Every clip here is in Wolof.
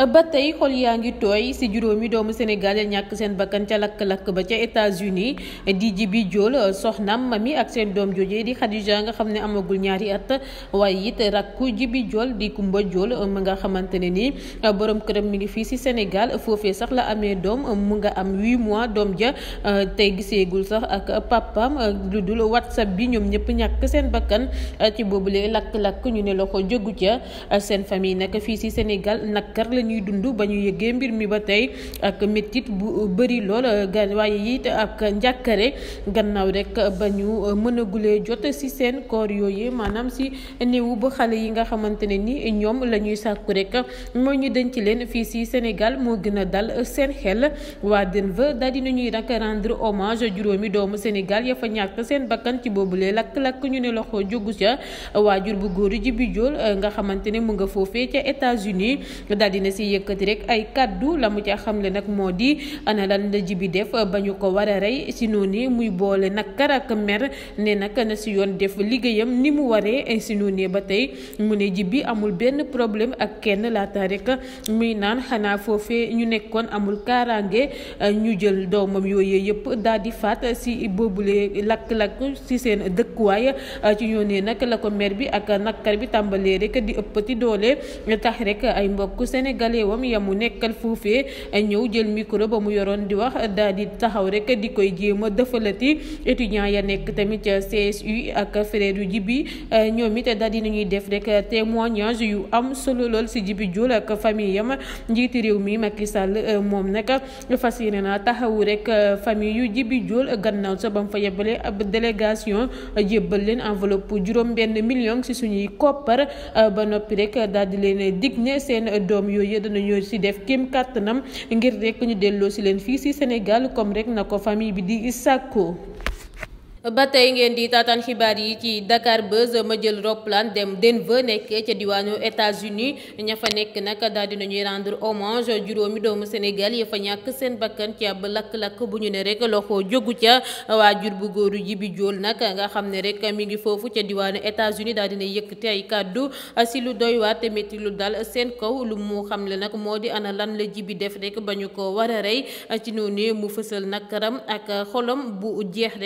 Euh, ba tey xol yaa ngi tooy ci juróomi doomu Sénégal ya ñàkk seen bakkan ca lakk-lakk ba ca États-Unis di Djibi Diol soxnam mi ak seen doom jooje di Khadija nga xam ne amagul ñaari at waaye it rakku jibi jool di Kumba jool mu nga xamante ne ni euh, boroom këram mi ngi fii si Sénégal foofe sax la amee doom mu nga am huit mois doom ja euh, tey giseegul sax ak papam lu dul WhatsApp bi ñoom ñëpp ñàkk seen bakkan ci boobule lakk-lakk ñu ne loxo jógu ca seen fii ci ñuy dund ba ñu yëggee mbir mi ba tey ak méttit bu bari lool gan waaye it ak njàkkare gannaaw rekk ba ñu mën a gulee jot si seen koor yooyu maanaam si néew bu xale yi nga xamante ne ni ñoom la ñuy sàkku rek mooy ñu denc leen fii si Sénégal moo gën a dal seen xel waa Denver daal di nañuy nag rendre hommage juróomi doomu Sénégal ya fa ñàkk seen bakkan ci boobulee lakk-lakk ñu ne loxo jógu ca waajur bu góor ji nga xamante mu nga foofee ca États-Unis si yëkkati rek ay kàddu la mu ca xamle nag moo di ana lan la jibi def ba ñu ko war a rey si noonu muy boole nakkar ak mer ne nag na si yoon def liggéeyam ni mu waree si eh, noonu ba tey mu ne jibi amul benn problème ak kenn laata rek muy naan xanaa foofee ñu nekkoon amul kaaraange eh, ñu jël doomam yooyu yëpp daal di faat si boobule lakk-lakk si seen dëkkuwaay eh, ci yoonee nag la ko mer bi ak nakkar bi tàmbalee rek di ëppati doole tax rek ay galeewam ya mu nekkal foofee ñëw jël micro ba mu yoroon di wax daal di taxaw rek di koy jéem a dëfalati ya nekk tamit CSU ak frère yu Djibi ñoom it daal di nañuy def rek témoignage yu am solo lool si Djibi Diouf ak famille yam njiiti réew mi Macky Sall moom nag fas yéene na taxawu rek famille yu Djibi Diouf gannaaw sa bam fa yebale ab a jébbal leen enveloppe juróom benn million si suñuy koppar ba noppi rek daal leen dig ne seen doom yooyu ne danañu si def kéem kàttanam ngir rek ñu delloo si leen fii si Sénégal comme rek na ko famille bi di sàkko ba tey ngeen di tataan xibaar yi ci Dakar Buzz ma jël roplaan dem Denver nekk ca diwaanu États-Unis ña fa nekk nag daal di ñuy rendre hommage juróomi doomu Sénégal ya fa ñàkk seen bakkan ci ab lakk-lakk bu ñu ne rek loxo jógu ca waajur bu góoru Jibi Jool nag nga xam ne rek mi ngi foofu ca diwaanu États-Unis daal dina yëkkati ay kàddu si lu doy waar te metti lu dal seen kaw lu mu xam le nag moo di ana lan la jibi def rek ba ñu ko war a ci noonu mu fësal nag karam ak xolam bu jeex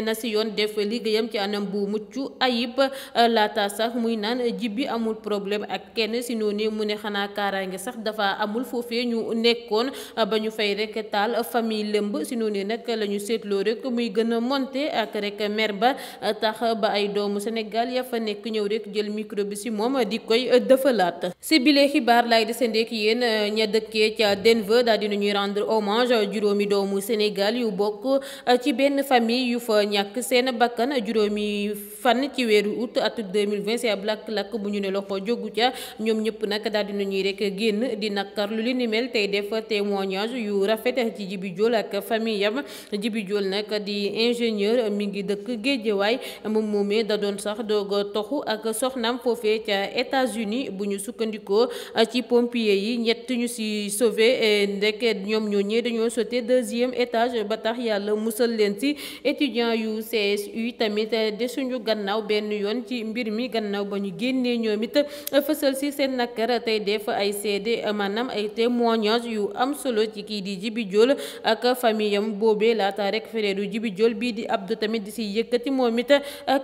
nee na si yoon def liggéeyam ci anam bu mucc ayib euh, laata sax muy naan jibbi amul problème ak kenn si noonu mu ne xanaa kaaraange sax dafa amul foofee ñu nekkoon euh, ba ñu fay rek taal famille lëmb si noonu nag lañu ñu seetloo rek muy gën a monter ak rek mer ba euh, tax ba ay doomu Sénégal ya fa nekk ñëw rek jël micro bi moom di koy dëfalaat si bile xibaar laay desandee ak yéen ña dëkkee ca Denver daal dina ñuy rendre hommage juróomi doomu Sénégal yu bokk ci benn famille ñàkk seen bakkan juróomi fan ci weeru août atum 2020 si ab lakk-lakk bu ñu ne loxo jógu ca ñoom ñëpp nag daal di nañuy rek génn di nakar lu li ni mel tey def témoignage yu rafet ci Jibi Jool ak famille yam Jibi Jool nag di ingénieur mi ngi dëkk Géejawaay moom moomee da doon sax doog toxu ak soxnaam foofee ca États-Unis bu ñu sukkandikoo ci pompier yi ñett ñu si sauvé ndek ñoom ñoo ñee dañoo sauté deuxième étage ba tax yàlla musal leen si étudiant yu CSU tamit eh, desuñu gannaaw benn yoon ci mbir mi gannaaw ba ñu génnee ñoom it eh, fësal si seen nakar tey def ay seede eh, maanaam ay témoignage yu am solo ci kii di Djibi Diol ak famille boobe laata rek frère Djibi Diol bii di Abdou tamit di si yëkkati moom it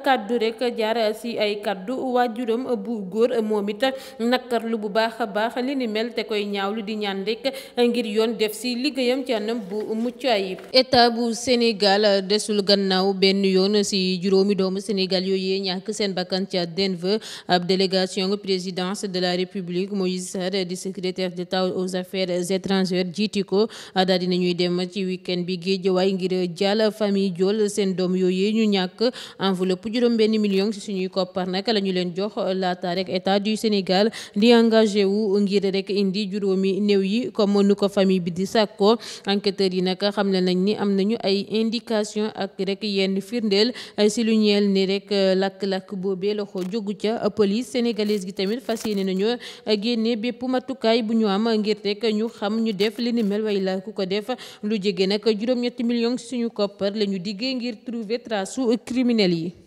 kàddu rekk jaar si ay kaddu waajuram bu góor moom it nakarlu bu baax a baax li ni mel te koy ñaawlu di ñaan rek ngir yoon def si liggéeyam ci anam bu mucc ayib état bu Sénégal desul gannaaw gannaaw benn yoon ci juróomi doomu Sénégal yooyu ñàkk seen bakkan ca Denver ab délégation présidence de la République Moïse Sarr di secrétaire d'État aux affaires étrangères jiiti ko daal dina ñuy dem ci week-end bi Guédiawaye ngir jàll famille Diol seen doom yooyu ñu ñàkk enveloppe juróom benn million ci suñuy koppar nag la ñu leen jox laata rek État du Sénégal di engagé wu ngir rek indi juróomi néew yi comme nu ko famille bi di sàkkoo enquêteurs yi nag xam nañ ni am nañu ay indication ak yenn firndeel si lu ñeel ni rek euh, lakk-lakk boobee loxo jógu ca euh, police sénégalaise gi tamit fas yéene nañu euh, génne bépp matukaay bu ñu am ngir rek ñu xam ñu def li ni mel way la ku ko def lu jege nag juróom-ñetti million suñu koppar la ñu diggee ngir trouver trace criminel yi